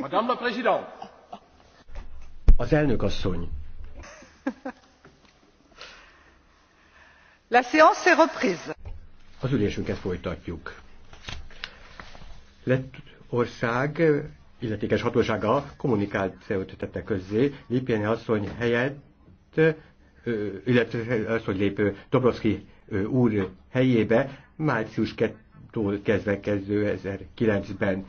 Madame la Présidente! Az elnök asszony. La séance est reprise. Az ülésünket folytatjuk. Lett ország illetékes hatósága kommunikációt tette közzé Lipjeni asszony helyett illetve az, hogy lép Dobroszki úr helyébe március 2-tól kezdve kezdő 2009-ben.